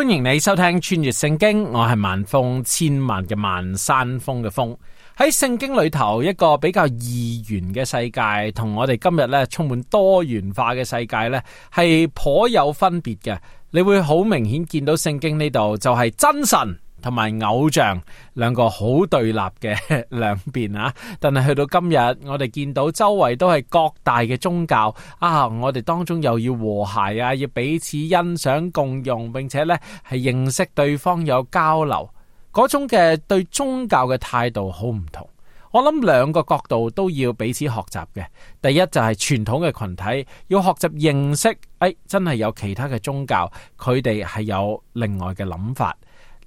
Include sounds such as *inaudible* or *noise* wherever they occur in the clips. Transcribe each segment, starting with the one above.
歡迎你收聽穿越聖經，我係萬峰，千萬嘅萬山峰嘅峰。喺聖經裏頭一個比較二元嘅世界，同我哋今日咧，充滿多元化嘅世界咧，係頗有分別嘅。你會好明顯見到聖經呢度就係真神，同埋偶像兩個好對立嘅兩邊啊，但係去到今日，我哋見到周圍都係各大嘅宗教啊。我哋當中又要和諧啊，要彼此欣賞、共用，並且呢係認識對方，有交流嗰種嘅對宗教嘅態度好唔同。我諗兩個角度都要彼此學習嘅。第一就係傳統嘅群體要學習認識，誒、哎、真係有其他嘅宗教，佢哋係有另外嘅諗法。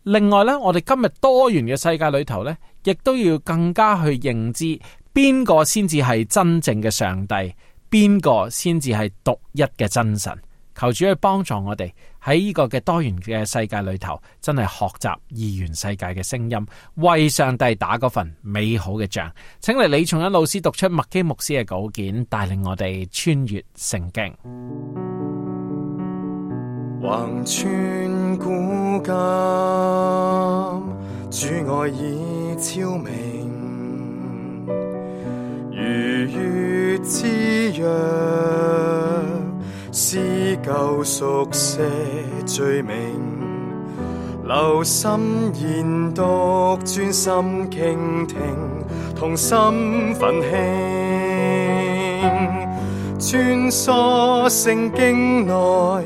另外咧，我哋今日多元嘅世界裏頭咧，亦都要更加去認知邊個先至係真正嘅上帝，邊個先至係獨一嘅真神。求主去幫助我哋喺呢個嘅多元嘅世界裏頭，真係學習二元世界嘅聲音，為上帝打嗰份美好嘅仗。請嚟李松恩老師讀出麥基牧師嘅稿件，帶領我哋穿越聖經。橫穿古今，主愛已昭明，如月之約，是舊熟識最明。留心研讀，專心傾聽，同心奮興，穿梭聖經內。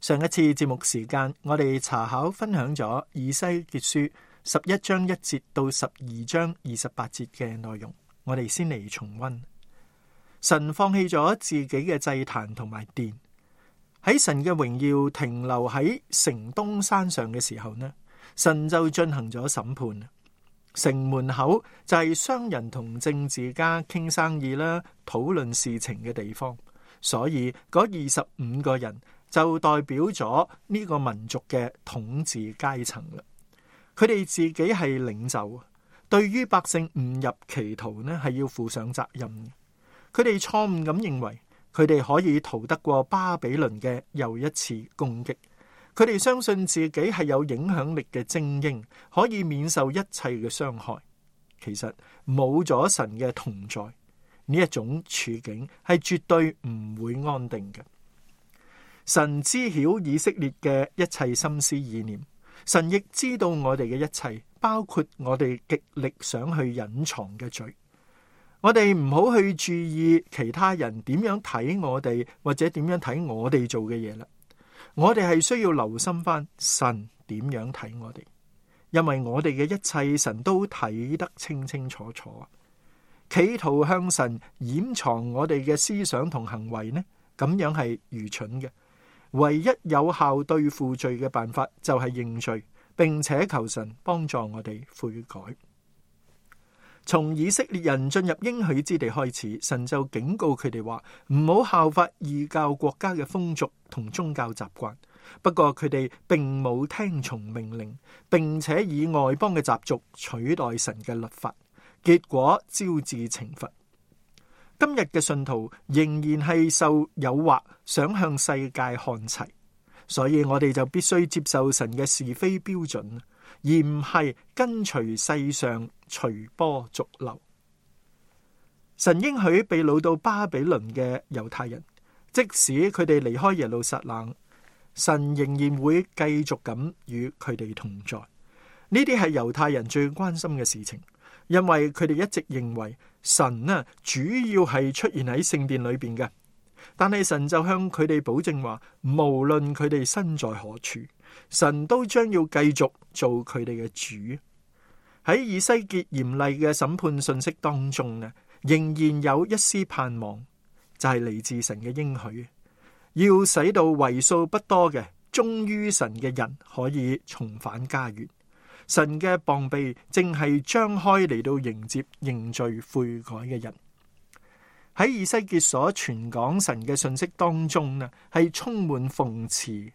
上一次節目時間，我哋查考分享咗《以西結書》十一章一節到十二章二十八節嘅內容。我哋先嚟重温。神放棄咗自己嘅祭壇同埋殿，喺神嘅榮耀停留喺城東山上嘅時候呢，神就進行咗審判。城門口就係商人同政治家傾生意啦，討論事情嘅地方，所以嗰二十五個人。就代表咗呢個民族嘅統治階層啦，佢哋自己係領袖，對於百姓誤入歧途呢，係要負上責任。佢哋錯誤咁認為，佢哋可以逃得過巴比倫嘅又一次攻擊。佢哋相信自己係有影響力嘅精英，可以免受一切嘅傷害。其實冇咗神嘅同在，呢一種處境係絕對唔會安定嘅。神知曉以色列嘅一切心思意念，神亦知道我哋嘅一切，包括我哋極力想去隱藏嘅罪。我哋唔好去注意其他人點樣睇我哋，或者點樣睇我哋做嘅嘢啦。我哋係需要留心翻神點樣睇我哋，因為我哋嘅一切神都睇得清清楚楚啊！企圖向神掩藏我哋嘅思想同行為呢，咁樣係愚蠢嘅。唯一有效對付罪嘅辦法就係認罪，並且求神幫助我哋悔改。從以色列人進入應許之地開始，神就警告佢哋話唔好效法異教國家嘅風俗同宗教習慣。不過佢哋並冇聽從命令，並且以外邦嘅習俗取代神嘅律法，結果招致懲罰。今日嘅信徒仍然係受誘惑，想向世界看齊，所以我哋就必須接受神嘅是非標準，而唔係跟隨世上隨波逐流。神應許被擄到巴比倫嘅猶太人，即使佢哋離開耶路撒冷，神仍然會繼續咁與佢哋同在。呢啲係猶太人最關心嘅事情，因為佢哋一直認為。神呢，主要係出現喺聖殿裏邊嘅，但係神就向佢哋保證話，無論佢哋身在何處，神都將要繼續做佢哋嘅主。喺以西結嚴厲嘅審判信息當中呢，仍然有一絲盼望，就係嚟自神嘅應許，要使到為數不多嘅忠於神嘅人可以重返家園。神嘅膀臂正係張開嚟到迎接認罪悔改嘅人。喺以西結所傳講神嘅信息當中呢，係充滿諷刺。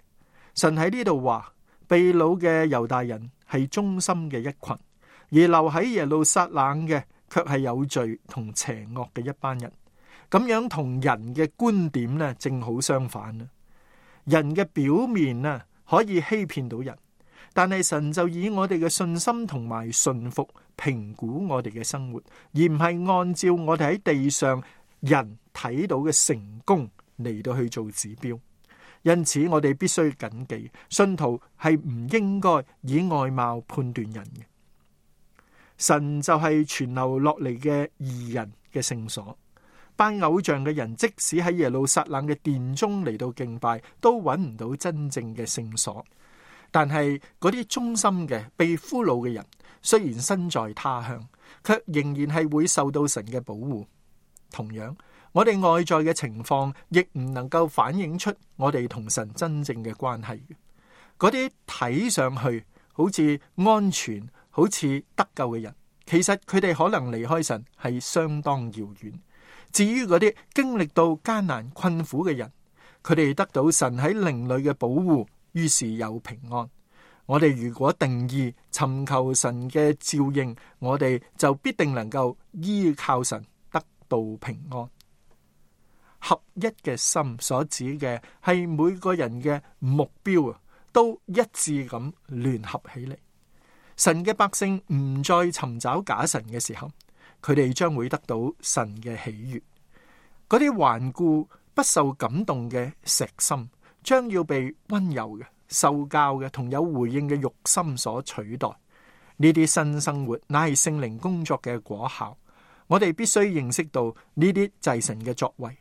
神喺呢度話，被擄嘅猶大人係忠心嘅一群，而留喺耶路撒冷嘅卻係有罪同邪惡嘅一班人。咁樣同人嘅觀點呢，正好相反啦。人嘅表面呢，可以欺騙到人。但係神就以我哋嘅信心同埋信服評估我哋嘅生活，而唔係按照我哋喺地上人睇到嘅成功嚟到去做指標。因此我哋必須謹記，信徒係唔應該以外貌判斷人嘅。神就係傳流落嚟嘅義人嘅聖所。拜偶像嘅人，即使喺耶路撒冷嘅殿中嚟到敬拜，都揾唔到真正嘅聖所。但係嗰啲忠心嘅被俘虜嘅人，雖然身在他鄉，卻仍然係會受到神嘅保護。同樣，我哋外在嘅情況亦唔能夠反映出我哋同神真正嘅關係。嗰啲睇上去好似安全、好似得救嘅人，其實佢哋可能離開神係相當遙遠。至於嗰啲經歷到艱難困苦嘅人，佢哋得到神喺靈裏嘅保護。於是有平安。我哋如果定義尋求神嘅照應，我哋就必定能夠依靠神得到平安。合一嘅心所指嘅係每個人嘅目標啊，都一致咁聯合起嚟。神嘅百姓唔再尋找假神嘅時候，佢哋將會得到神嘅喜悅。嗰啲頑固不受感動嘅石心。將要被溫柔嘅、受教嘅、同有回應嘅肉心所取代。呢啲新生活乃係聖靈工作嘅果效。我哋必須認識到呢啲祭神嘅作為。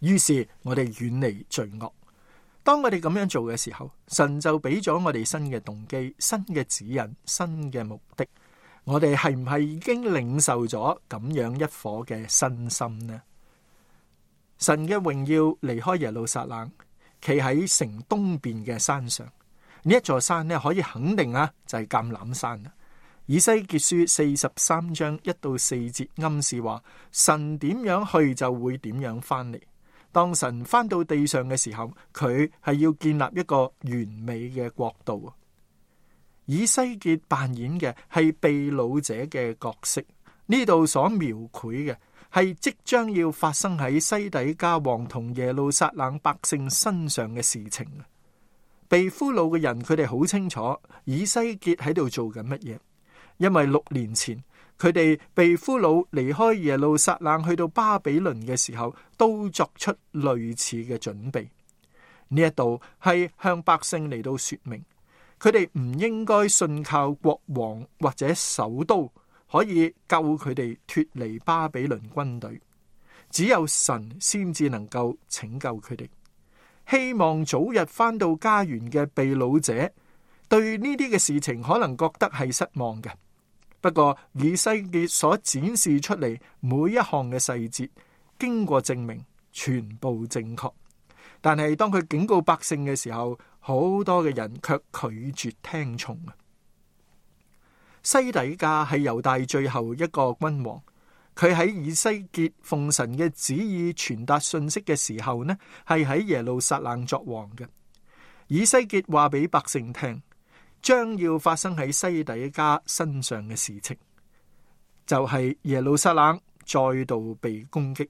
於是我哋遠離罪惡。當我哋咁樣做嘅時候，神就俾咗我哋新嘅動機、新嘅指引、新嘅目的。我哋係唔係已經領受咗咁樣一顆嘅身心呢？神嘅榮耀離開耶路撒冷。企喺城東邊嘅山上，呢一座山咧，可以肯定啊，就係橄欖山。以西結書四十三章一到四節暗示話，神點樣去就會點樣翻嚟。當神翻到地上嘅時候，佢係要建立一個完美嘅國度。以西結扮演嘅係被擄者嘅角色，呢度所描繪嘅，係即將要發生喺西底家王同耶路撒冷百姓身上嘅事情。被俘虜嘅人，佢哋好清楚以西結喺度做緊乜嘢，因為六年前佢哋被俘虜離開耶路撒冷去到巴比倫嘅時候，都作出類似嘅準備。呢一度係向百姓嚟到說明，佢哋唔應該信靠國王或者首都。可以救佢哋脫離巴比倫軍隊，只有神先至能夠拯救佢哋。希望早日翻到家園嘅被擄者，對呢啲嘅事情可能覺得係失望嘅。不過以西結所展示出嚟每一項嘅細節，經過證明全部正確。但係當佢警告百姓嘅時候，好多嘅人卻拒絕聽從。西底家係猶大最後一個君王，佢喺以西結奉神嘅旨意傳達信息嘅時候呢，係喺耶路撒冷作王嘅。以西結話俾百姓聽，將要發生喺西底家身上嘅事情，就係、是、耶路撒冷再度被攻擊，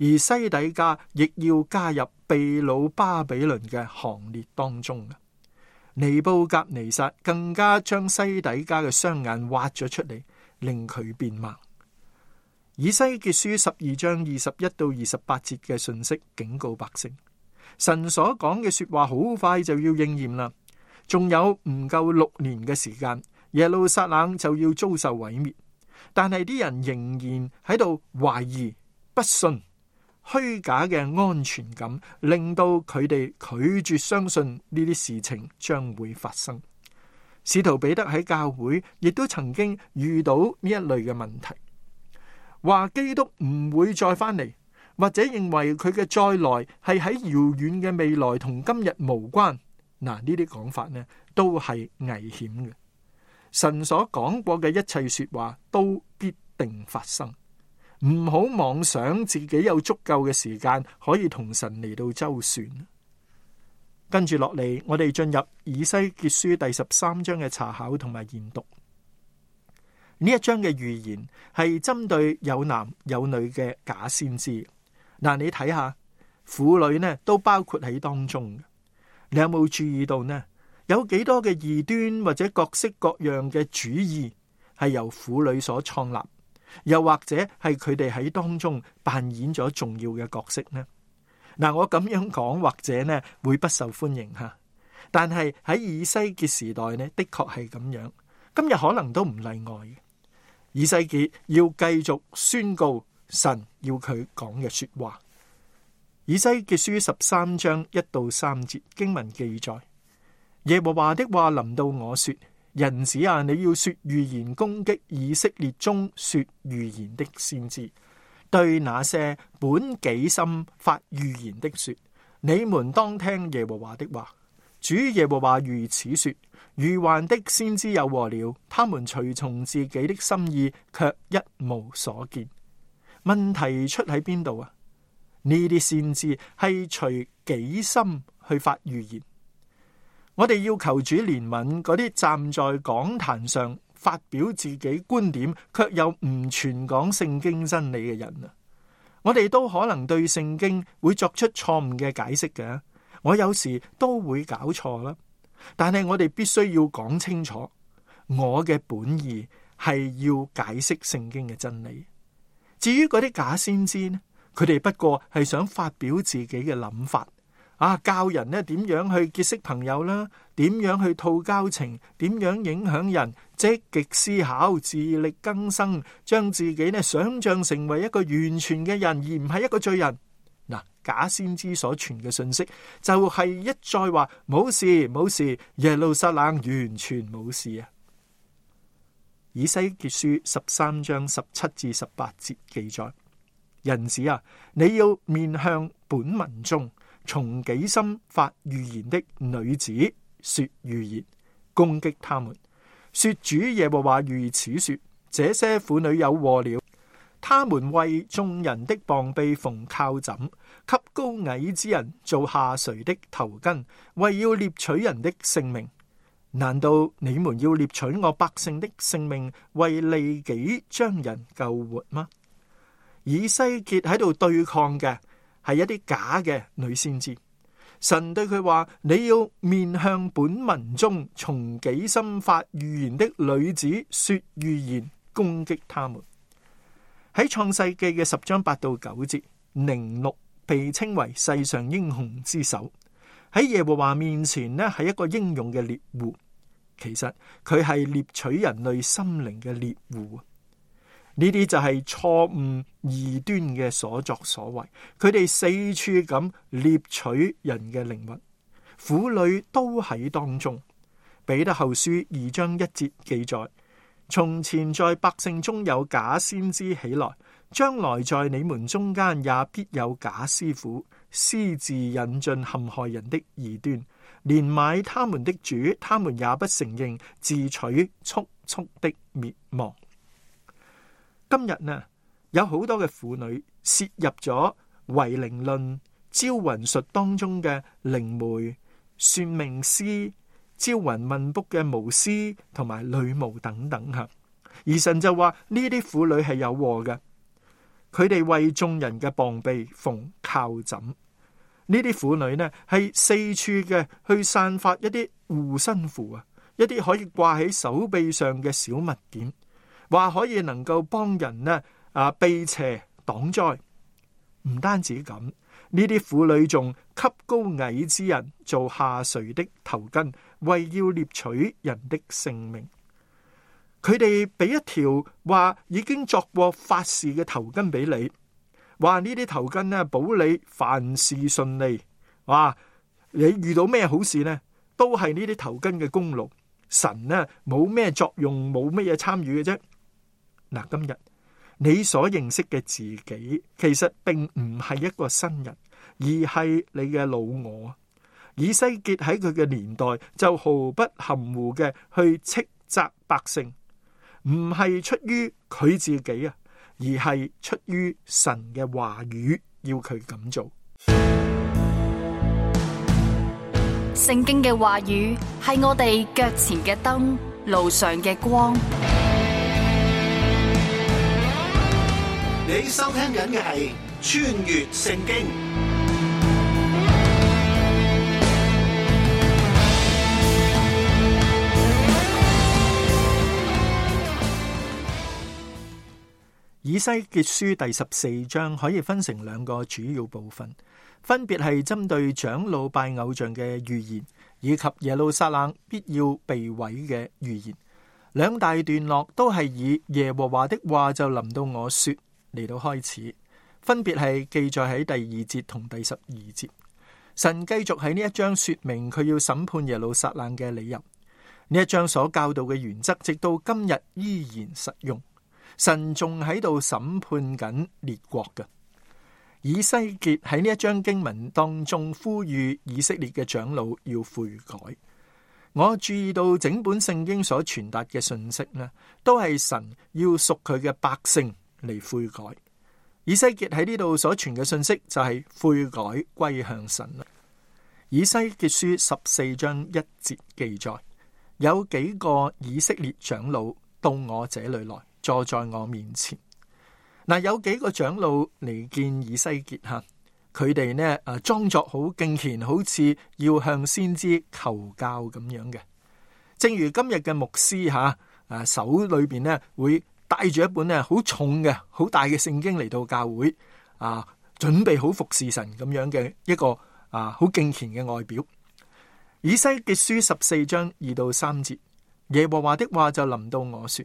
而西底家亦要加入被擄巴比倫嘅行列當中。尼布甲尼撒更加將西底家嘅雙眼挖咗出嚟，令佢變盲。以西結書十二章二十一到二十八節嘅信息警告百姓：神所講嘅說話好快就要應驗啦。仲有唔夠六年嘅時間，耶路撒冷就要遭受毀滅。但係啲人仍然喺度懷疑不信。虛假嘅安全感，令到佢哋拒絕相信呢啲事情將會發生。使徒彼得喺教會亦都曾經遇到呢一類嘅問題，話基督唔會再返嚟，或者認為佢嘅再來係喺遙遠嘅未來，同今日無關。嗱，呢啲講法呢，都係危險嘅。神所講過嘅一切說話，都必定發生。唔好妄想自己有足夠嘅時間可以同神嚟到周旋。跟住落嚟，我哋進入以西結書第十三章嘅查考同埋研讀。呢一章嘅預言係針對有男有女嘅假先知。嗱、呃，你睇下婦女呢，都包括喺當中。你有冇注意到呢？有幾多嘅異端或者各式各樣嘅主意係由婦女所創立？又或者係佢哋喺當中扮演咗重要嘅角色呢？嗱，我咁樣講或者呢會不受歡迎吓，但係喺以西結時代呢的確係咁樣，今日可能都唔例外嘅。以西結要繼續宣告神要佢講嘅說話。以西結書十三章一到三節經文記載：耶和華的話臨到我說。 *noise* 人子啊，你要說預言攻擊以色列中說預言的先知，對那些本己心發預言的說，你們當聽耶和華的話。主耶和華如此說：愚頑的先知有禍了，他們隨從自己的心意，卻一無所見。問題出喺邊度啊？呢啲先知係隨己心去發預言。我哋要求主憐憫嗰啲站在講壇上發表自己觀點，卻又唔全講聖經真理嘅人啊！我哋都可能對聖經會作出錯誤嘅解釋嘅，我有時都會搞錯啦。但係我哋必須要講清楚，我嘅本意係要解釋聖經嘅真理。至於嗰啲假先知呢，佢哋不過係想發表自己嘅諗法。啊！教人咧點樣去結識朋友啦？點樣去套交情？點樣影響人？積極思考，自力更生，將自己咧想象成為一個完全嘅人，而唔係一個罪人。嗱、啊，假先知所傳嘅信息就係、是、一再話冇事冇事，事，耶路撒冷完全冇事啊。以西結書十三章十七至十八節記載，人子啊，你要面向本民眾。從己心發預言的女子說預言攻擊他們，說主耶和華如此說：這些婦女有禍了！他們為眾人的膀臂縫靠枕，給高矮之人做下垂的頭巾，為要獵取人的性命。難道你們要獵取我百姓的性命，為利己將人救活嗎？以西結喺度對抗嘅。係一啲假嘅女先知，神對佢話：你要面向本民中從己心發預言的女子說預言，攻擊他們。喺創世記嘅十章八到九節，寧錄被稱為世上英雄之首，喺耶和華面前呢係一個英勇嘅獵戶，其實佢係獵取人類心靈嘅獵戶。呢啲就係錯誤異端嘅所作所為，佢哋四處咁掠取人嘅靈魂，婦女都喺當中。彼得後書二章一節記載：從前在百姓中有假先知起來，將來在你們中間也必有假師傅，私自引進陷害人的異端，連買他們的主，他們也不承認，自取速速的滅亡。今日呢，有好多嘅婦女涉入咗唯靈論、招魂術當中嘅靈媒、算命師、招魂問卜嘅巫師同埋女巫等等吓。而神就話呢啲婦女係有禍嘅，佢哋為眾人嘅膀臂縫靠枕。呢啲婦女呢係四處嘅去散發一啲護身符啊，一啲可以掛喺手臂上嘅小物件。話可以能夠幫人呢，啊，避邪擋災，唔單止咁，呢啲婦女仲給高矮之人做下垂的頭巾，為要獵取人的性命。佢哋俾一條話已經作過法事嘅頭巾俾你，話呢啲頭巾呢，保你凡事順利。話你遇到咩好事呢，都係呢啲頭巾嘅功勞。神呢，冇咩作用，冇乜嘢參與嘅啫。嗱，今日你所認識嘅自己，其實並唔係一個新人，而係你嘅老我。以西結喺佢嘅年代就毫不含糊嘅去斥責百姓，唔係出於佢自己啊，而係出於神嘅話語，要佢咁做。聖經嘅話語係我哋腳前嘅燈，路上嘅光。你收聽緊嘅係《穿越聖經》。以西結書第十四章可以分成兩個主要部分，分別係針對長老拜偶像嘅預言，以及耶路撒冷必要被毀嘅預言。兩大段落都係以耶和華的話就臨到我說。嚟到開始，分別係記載喺第二節同第十二節。神繼續喺呢一章說明佢要審判耶路撒冷嘅理由。呢一章所教導嘅原則，直到今日依然實用。神仲喺度審判緊列國㗎。以西結喺呢一章經文當中呼籲以色列嘅長老要悔改。我注意到整本聖經所傳達嘅信息呢都係神要屬佢嘅百姓，嚟悔改，以西結喺呢度所傳嘅信息就係悔改歸向神啦。以西結書十四章一節記載，有幾個以色列長老到我這裏來，坐在我面前。嗱、啊，有幾個長老嚟見以西結吓，佢、啊、哋呢誒、啊、裝作好敬虔，好似要向先知求教咁樣嘅。正如今日嘅牧師吓，誒、啊、手裏面呢會。帶住一本咧好重嘅，好大嘅聖經嚟到教會啊，準備好服侍神咁樣嘅一個啊，好敬虔嘅外表。以西結書十四章二到三節，耶和華的話就臨到我說：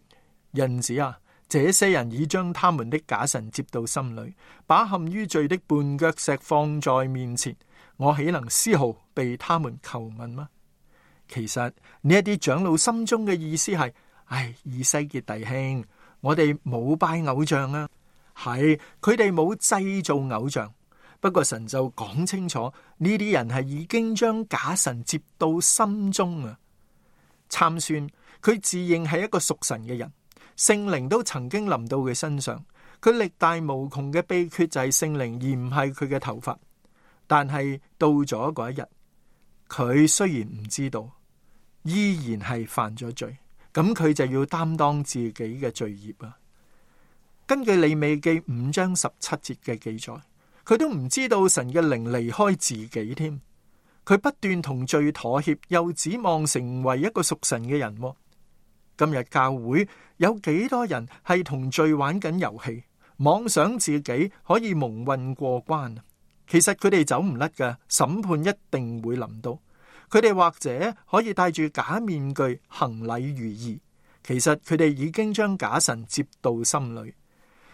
人子啊，這些人已將他們的假神接到心裏，把陷於罪的絆腳石放在面前，我豈能絲毫被他們求問嗎？其實呢一啲長老心中嘅意思係：唉、哎，以西結弟兄。我哋冇拜偶像啊，係，佢哋冇製造偶像，不過神就講清楚呢啲人係已經將假神接到心中啊！參孫佢自認係一個屬神嘅人，聖靈都曾經臨到佢身上，佢力大無窮嘅秘訣就係聖靈，而唔係佢嘅頭髮。但係到咗嗰一日，佢雖然唔知道，依然係犯咗罪。咁佢就要擔當自己嘅罪孽啊！根據利未記五章十七節嘅記載，佢都唔知道神嘅靈離開自己添。佢不斷同罪妥協，又指望成為一個屬神嘅人啊。今日教會有幾多人係同罪玩緊遊戲，妄想自己可以蒙混過關？其實佢哋走唔甩㗎，審判一定會臨到。佢哋或者可以戴住假面具行禮如儀，其實佢哋已經將假神接到心裏。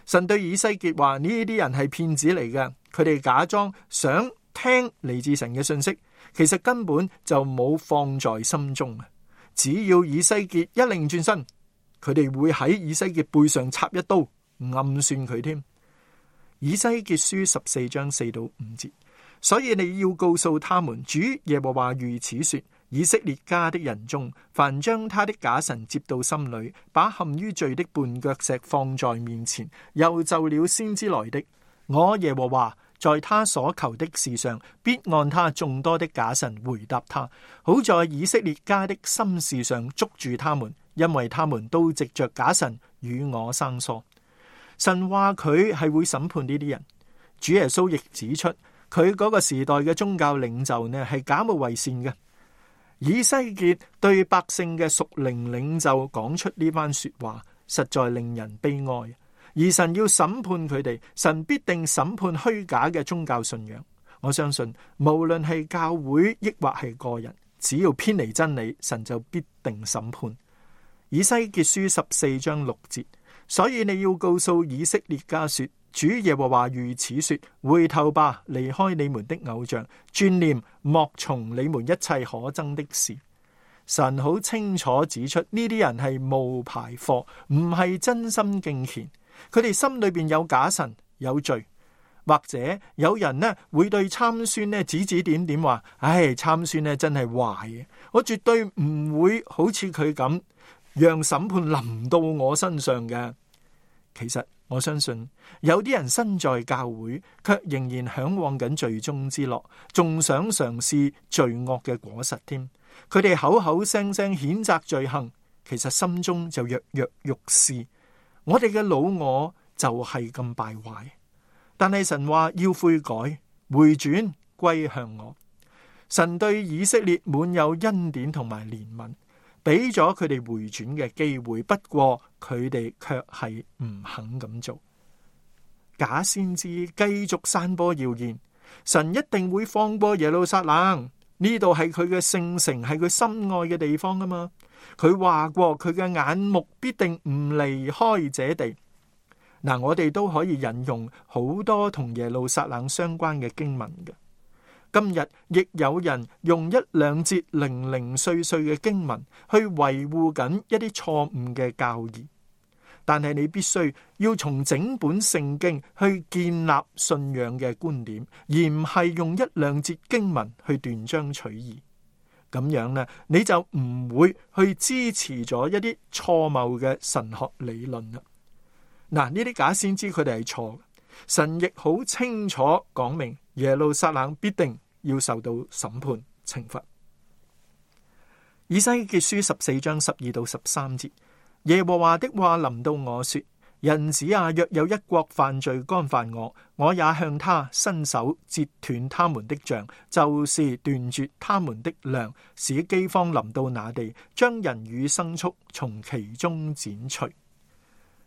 神對以西結話：呢啲人係騙子嚟嘅，佢哋假裝想聽嚟自神嘅信息，其實根本就冇放在心中。只要以西結一擰轉身，佢哋會喺以西結背上插一刀，暗算佢添。以西結書十四章四到五節。所以你要告訴他們，主耶和華如此說：以色列家的人中，凡將他的假神接到心裏，把陷於罪的絆腳石放在面前，又就了先知來的我耶和華，在他所求的事上，必按他眾多的假神回答他；好在以色列家的心事上捉住他們，因為他們都藉着假神與我生疏。神話佢係會審判呢啲人。主耶穌亦指出。佢嗰個時代嘅宗教領袖呢，係假冒偽善嘅。以西結對百姓嘅屬靈領袖講出呢番說話，實在令人悲哀。而神要審判佢哋，神必定審判虛假嘅宗教信仰。我相信，無論係教會抑或係個人，只要偏離真理，神就必定審判。以西結書十四章六節。所以你要告訴以色列家說：主耶和華如此說，回頭吧，離開你們的偶像，轉念莫從你們一切可憎的事。神好清楚指出呢啲人係冒牌貨，唔係真心敬虔。佢哋心裏邊有假神，有罪，或者有人呢會對參孫呢指指點點，話：唉，參孫呢真係壞嘅，我絕對唔會好似佢咁。讓審判臨到我身上嘅，其實我相信有啲人身在教會，卻仍然向往緊罪中之樂，仲想嘗試罪惡嘅果實添。佢哋口口聲聲譴責罪行，其實心中就躍躍欲試。我哋嘅老我就係咁敗壞，但係神話要悔改回轉歸向我。神對以色列滿有恩典同埋憐憫。俾咗佢哋回轉嘅機會，不過佢哋卻係唔肯咁做。假先知繼續散播謠言，神一定會放過耶路撒冷。呢度係佢嘅聖城，係佢心愛嘅地方啊嘛！佢話過佢嘅眼目必定唔離開這地。嗱，我哋都可以引用好多同耶路撒冷相關嘅經文嘅。今日亦有人用一兩節零零碎碎嘅經文去維護緊一啲錯誤嘅教義，但係你必須要從整本聖經去建立信仰嘅觀點，而唔係用一兩節經文去斷章取義。咁樣呢，你就唔會去支持咗一啲錯謬嘅神學理論啦。嗱，呢啲假先知佢哋係錯，神亦好清楚講明。耶路撒冷必定要受到審判懲罰。以西結書十四章十二到十三節，耶和華的話臨到我說：人子啊，若有一國犯罪干犯我，我也向他伸手截斷他們的杖，就是斷絕他們的糧，使饑荒臨到那地，將人與牲畜從其中剪除。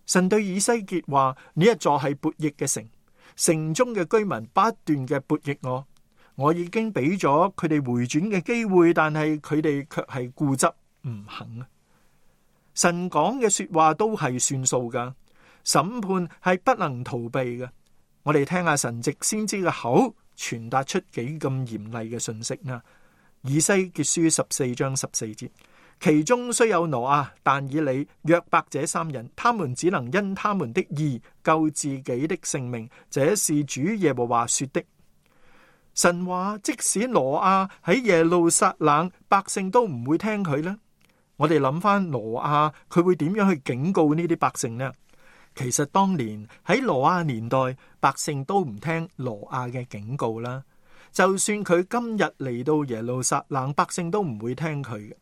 神對以西結話：呢一座係悖逆嘅城。城中嘅居民不斷嘅悖逆我，我已經俾咗佢哋回轉嘅機會，但係佢哋卻係固執唔肯。神講嘅說話都係算數噶，審判係不能逃避嘅。我哋聽下神直先知嘅口傳達出幾咁嚴厲嘅信息啦。以西結書十四章十四節。其中雖有挪亞，但以理、約伯這三人，他們只能因他們的義救自己的性命。這是主耶和華說的。神話，即使挪亞喺耶路撒冷，百姓都唔會聽佢。呢我哋諗翻挪亞，佢會點樣去警告呢啲百姓呢？其實當年喺挪亞年代，百姓都唔聽挪亞嘅警告啦。就算佢今日嚟到耶路撒冷，百姓都唔會聽佢。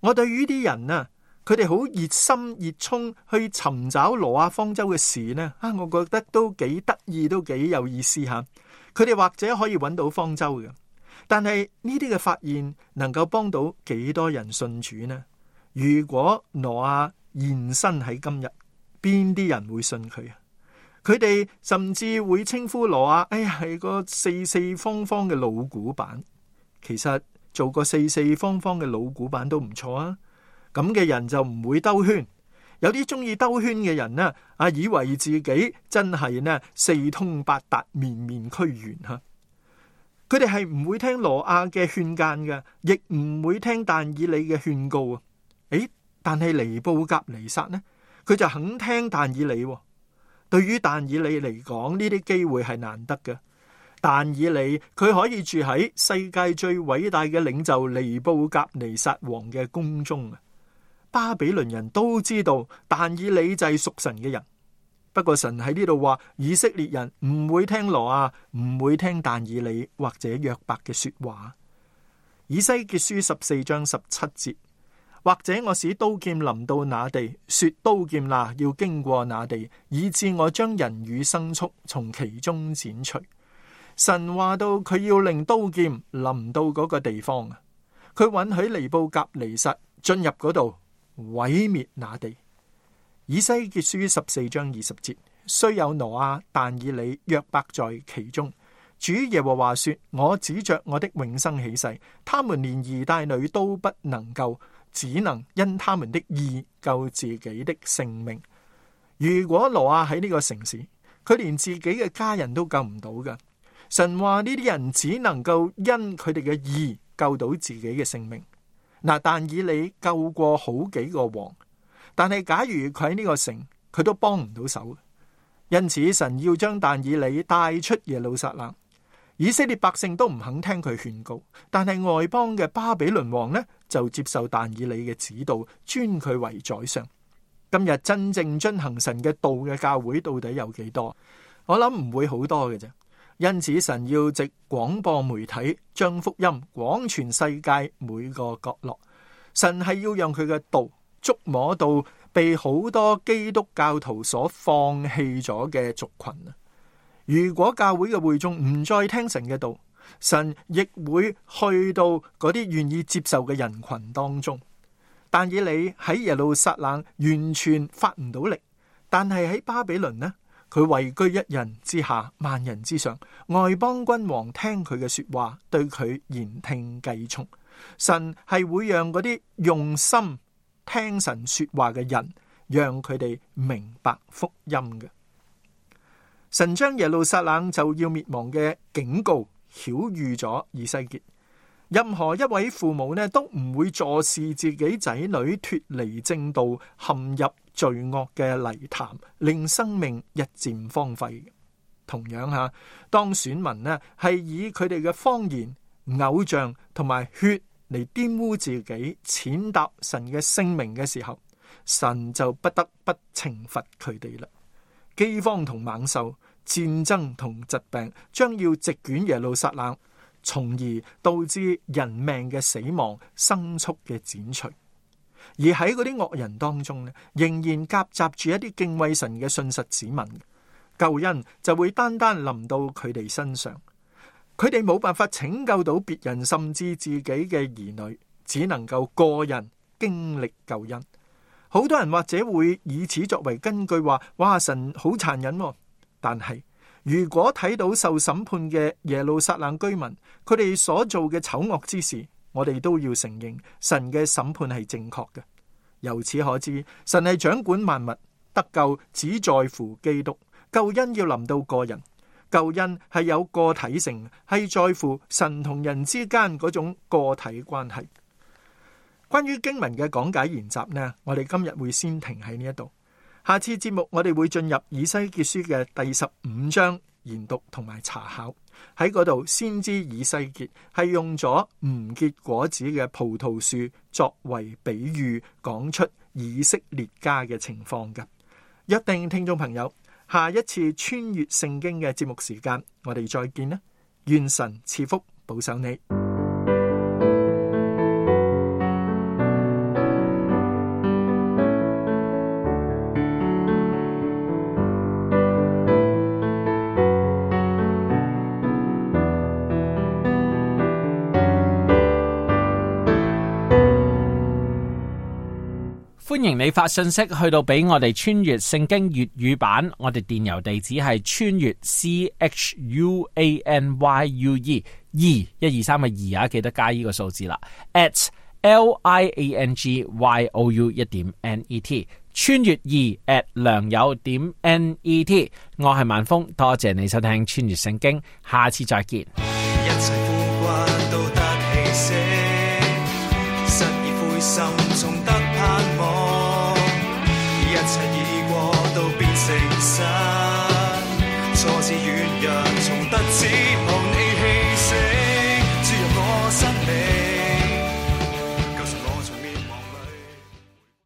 我對於啲人啊，佢哋好熱心熱衷去尋找挪亞方舟嘅事呢？啊，我覺得都幾得意，都幾有意思吓。啊，佢哋或者可以揾到方舟嘅，但係呢啲嘅發現能夠幫到幾多人信主呢？如果挪亞現身喺今日，邊啲人會信佢啊？佢哋甚至會稱呼挪亞，哎呀，係個四四方方嘅老古板。其實。做個四四方方嘅老古板都唔錯啊！咁嘅人就唔會兜圈，有啲中意兜圈嘅人呢？啊，以為自己真係呢四通八達、面面俱圓吓，佢哋係唔會聽羅亞嘅勸諫嘅，亦唔會聽但以理嘅勸告啊！誒，但係尼布甲尼撒呢？佢就肯聽但以理啊。對於但以理嚟講，呢啲機會係難得嘅。但以理佢可以住喺世界最偉大嘅領袖尼布甲尼撒王嘅宮中。巴比倫人都知道，但以理就係屬神嘅人。不過神喺呢度話，以色列人唔會聽挪亞、啊，唔會聽但以理或者約伯嘅說話。以西結書十四章十七節，或者我使刀劍臨到那地，說刀劍啦，要經過那地，以致我將人與牲畜從其中剪除。神話到佢要令刀劍臨到嗰個地方啊，佢允許尼布甲尼撒進入嗰度毀滅那地。以西結書十四章二十節。雖有挪亞，但以理約伯在其中。主耶和華說：我指着我的永生起誓，他們連兒帶女都不能救，只能因他們的義救自己的性命。如果挪亞喺呢個城市，佢連自己嘅家人都救唔到噶。神話呢啲人只能夠因佢哋嘅義救到自己嘅性命嗱，但以理救過好幾個王，但係假如佢喺呢個城，佢都幫唔到手。因此，神要將但以理帶出耶路撒冷。以色列百姓都唔肯聽佢勸告，但係外邦嘅巴比倫王呢，就接受但以理嘅指導，尊佢為宰相。今日真正遵行神嘅道嘅教會到底有幾多？我諗唔會好多嘅啫。因此，神要藉廣播媒體將福音廣傳世界每個角落。神係要讓佢嘅道觸摸到被好多基督教徒所放棄咗嘅族群啊！如果教會嘅會眾唔再聽神嘅道，神亦會去到嗰啲願意接受嘅人群當中。但以理喺耶路撒冷完全發唔到力，但係喺巴比倫呢？佢位居一人之下，萬人之上。外邦君王聽佢嘅說話，對佢言聽計從。神係會讓嗰啲用心聽神說話嘅人，讓佢哋明白福音嘅。神將耶路撒冷就要滅亡嘅警告曉諭咗以西結。任何一位父母呢，都唔會坐視自己仔女脫離正道，陷入，罪惡嘅泥潭令生命日漸荒廢。同樣吓，當選民咧係以佢哋嘅謊言、偶像同埋血嚟玷污自己，踐踏神嘅聖名嘅時候，神就不得不懲罰佢哋啦。饑荒同猛獸、戰爭同疾病將要席捲耶路撒冷，從而導致人命嘅死亡、牲畜嘅剪除。而喺嗰啲惡人當中咧，仍然夾雜住一啲敬畏神嘅信實子民，救恩就會單單臨到佢哋身上。佢哋冇辦法拯救到別人，甚至自己嘅兒女，只能夠個人經歷救恩。好多人或者會以此作為根據話：「哇，神好殘忍哦！但係如果睇到受審判嘅耶路撒冷居民，佢哋所做嘅醜惡之事。我哋都要承認神嘅審判係正確嘅。由此可知，神係掌管萬物，得救只在乎基督，救恩要臨到個人，救恩係有個體性，係在乎神同人之間嗰種個體關係。關於經文嘅講解研習呢，我哋今日會先停喺呢一度。下次節目我哋會進入以西結書嘅第十五章研讀同埋查考。喺嗰度，先知以西結，係用咗唔結果子嘅葡萄樹作為比喻，講出以色列家嘅情況嘅。約定聽眾朋友，下一次穿越聖經嘅節目時間，我哋再見啦！願神賜福保守你。你發信息去到俾我哋穿越聖經粵語版，我哋電郵地址係穿越 c h u a n y u e 二一二三嘅二啊，記得加呢個數字啦。at l i a n g y o u 一點 n e t 穿越二 at 良友點 n e t，我係萬峰，多謝你收聽穿越聖經，下次再見。